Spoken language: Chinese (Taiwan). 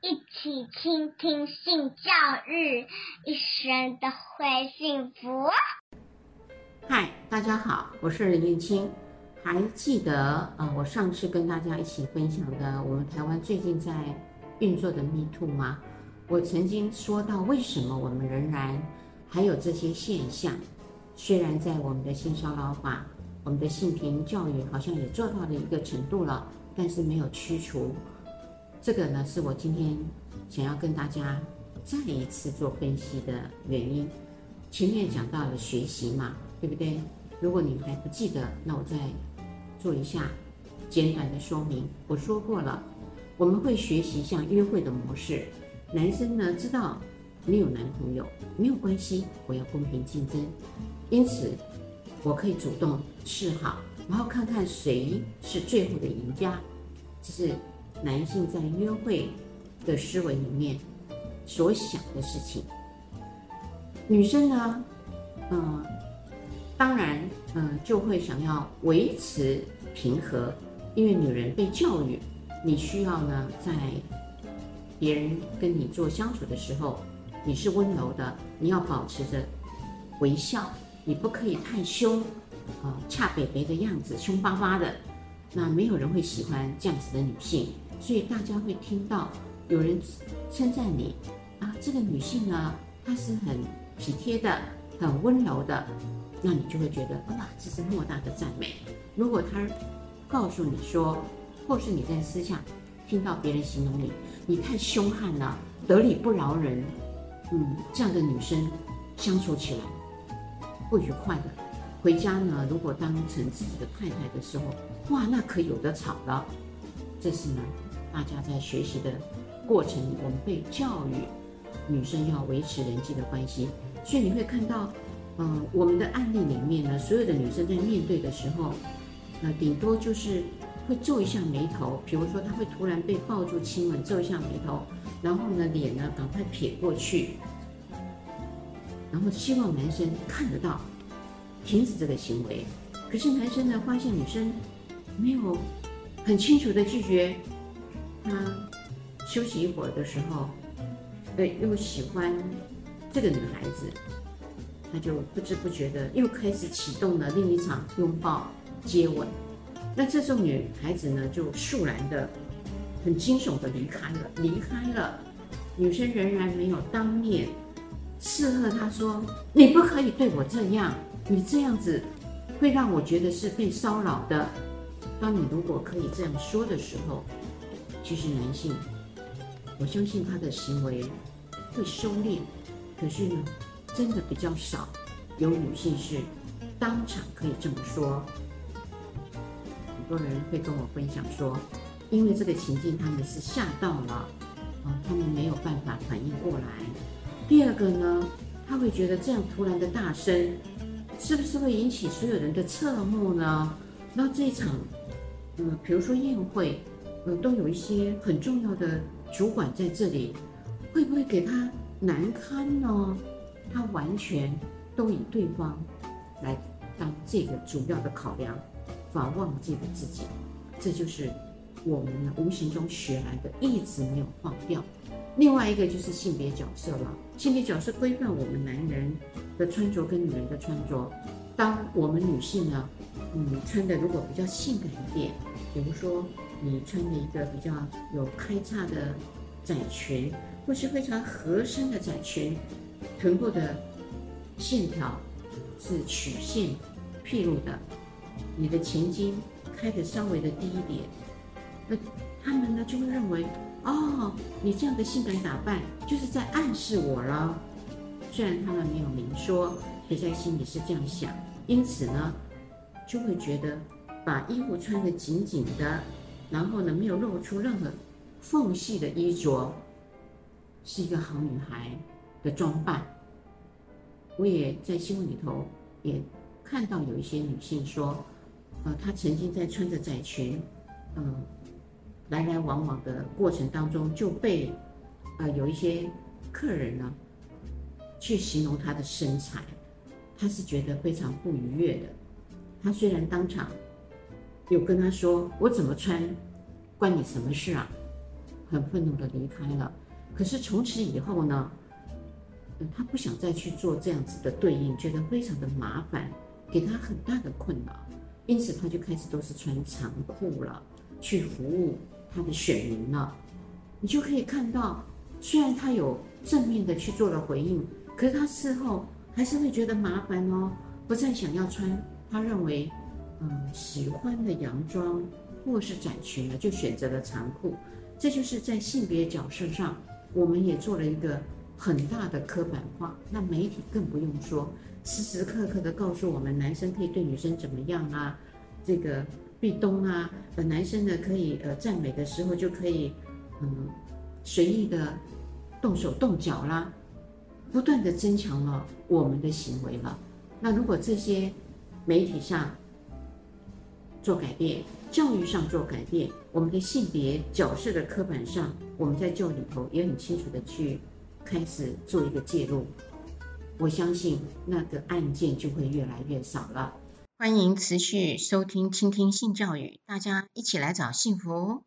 一起傾聽性教育，一生都會幸福。嗨，大家好，我是林雲青。還記得啊、呃，我上次跟大家一起分享的，我們台灣最近在運作的 Me Too 嗎？我曾經說到，為什麼我們仍然還有這些現象？雖然在我們的性騷擾法、我們的性平教育，好像也做到了一個程度了，但是沒有驅除。這個呢，是我今天想要跟大家再一次做分析的原因。前面講到了學習嘛，對不對？如果你還不記得，那我再做一下簡短的說明。我說過了，我們會學習像約會的模式。男生呢，知道你有男朋友沒有關係，我要公平競爭，因此我可以主動示好，然後看看誰是最後的贏家。這、就是。男性在約會的思維裡面所想的事情，女生呢，嗯、呃，當然，嗯、呃，就會想要維持平和，因為女人被教育，你需要呢，在別人跟你做相處的時候，你是溫柔的，你要保持着微笑，你不可以太凶啊、呃，恰北北的樣子，凶巴巴的，那沒有人會喜歡這樣子的女性。所以大家會聽到有人稱讚你啊，這個女性呢，她是很體貼的，很溫柔的，那你就會覺得哇，這是莫大的讚美。如果她告訴你說，或是你在私下聽到別人形容你，你太凶悍了，得理不饒人，嗯，這樣的女生相處起來不愉快的。回家呢，如果當成自己的太太的時候，哇，那可有得吵了。這是呢。大家在學習的過程，我們被教育女生要維持人際的關係，所以你會看到，嗯、呃，我們的案例裡面呢，所有的女生在面對的時候，呃，頂多就是會皺一下眉頭，比如說她會突然被抱住親吻，皺一下眉頭，然後呢，臉呢趕快撇過去，然後希望男生看得到，停止這個行為。可是男生呢，發現女生沒有很清楚的拒絕。他休息一會兒的時候，對、呃，又喜歡這個女孩子，他就不知不覺的又開始啟動了另一場擁抱、接吻。那這時候女孩子呢，就肅然的、很驚悚的離開了。離開了，女生仍然沒有當面斥喝他說：“你不可以對我這樣，你這樣子會讓我覺得是被騷擾的。”當你如果可以這樣說的時候。其實男性，我相信他的行為會收斂，可是呢，真的比較少有女性是當場可以這麼說。很多人會跟我分享說，因為這個情境他們是嚇到了啊，他們沒有辦法反應過來。第二個呢，他會覺得這樣突然的大聲，是不是會引起所有人的側目呢？那這場，嗯，比如說宴會。都有一些很重要的主管在這裡，會不會給他難堪呢？他完全都以對方來當這個主要的考量，反而忘記了自己。這就是我們無形中學來的，一直沒有忘掉。另外一個就是性別角色了，性別角色規範我們男人的穿着跟女人的穿着。當我們女性呢，嗯，穿的如果比較性感一點，比如說你穿的一個比較有開叉的窄裙，或是非常合身的窄裙，臀部的線條是曲線畢露的，你的前襟開得稍微的低一點，那他們呢就會認為，哦，你這樣的性感打扮就是在暗示我了，雖然他們沒有明說，也在心裡是這樣想，因此呢，就會覺得把衣服穿得緊緊的，然後呢沒有露出任何縫隙的衣着，是一個好女孩的裝扮。我也在新聞裡頭也看到有一些女性說，呃，她曾經在穿着窄裙，呃，來來往往的過程當中就被，呃，有一些客人呢，去形容她的身材。他是覺得非常不愉悅的，他雖然當場有跟他說：“我怎麼穿，關你什麼事啊？”很憤怒的離開了。可是從此以後呢，他不想再去做這樣子的對應，覺得非常的麻煩，給他很大的困擾，因此他就開始都是穿長褲了去服務他的選民了。你就可以看到，雖然他有正面的去做了回應，可是他事後，還是會覺得麻煩哦，不再想要穿。他認為，嗯，喜歡的洋裝或是短裙呢，就選擇了長褲。這就是在性別角色上，我們也做了一個很大的刻板化。那媒體更不用說，時時刻刻的告訴我們，男生可以對女生怎麼樣啊？這個壁咚啊，呃，男生呢可以呃讚美的時候就可以，嗯，隨意的動手動腳啦。不斷的增強了我們的行為了。那如果這些媒體上做改變，教育上做改變，我們的性別角色的刻板上，我們在教育裡頭也很清楚的去開始做一個介入，我相信那個案件就會越來越少了。歡迎持續收聽、傾聽性教育，大家一起來找幸福哦。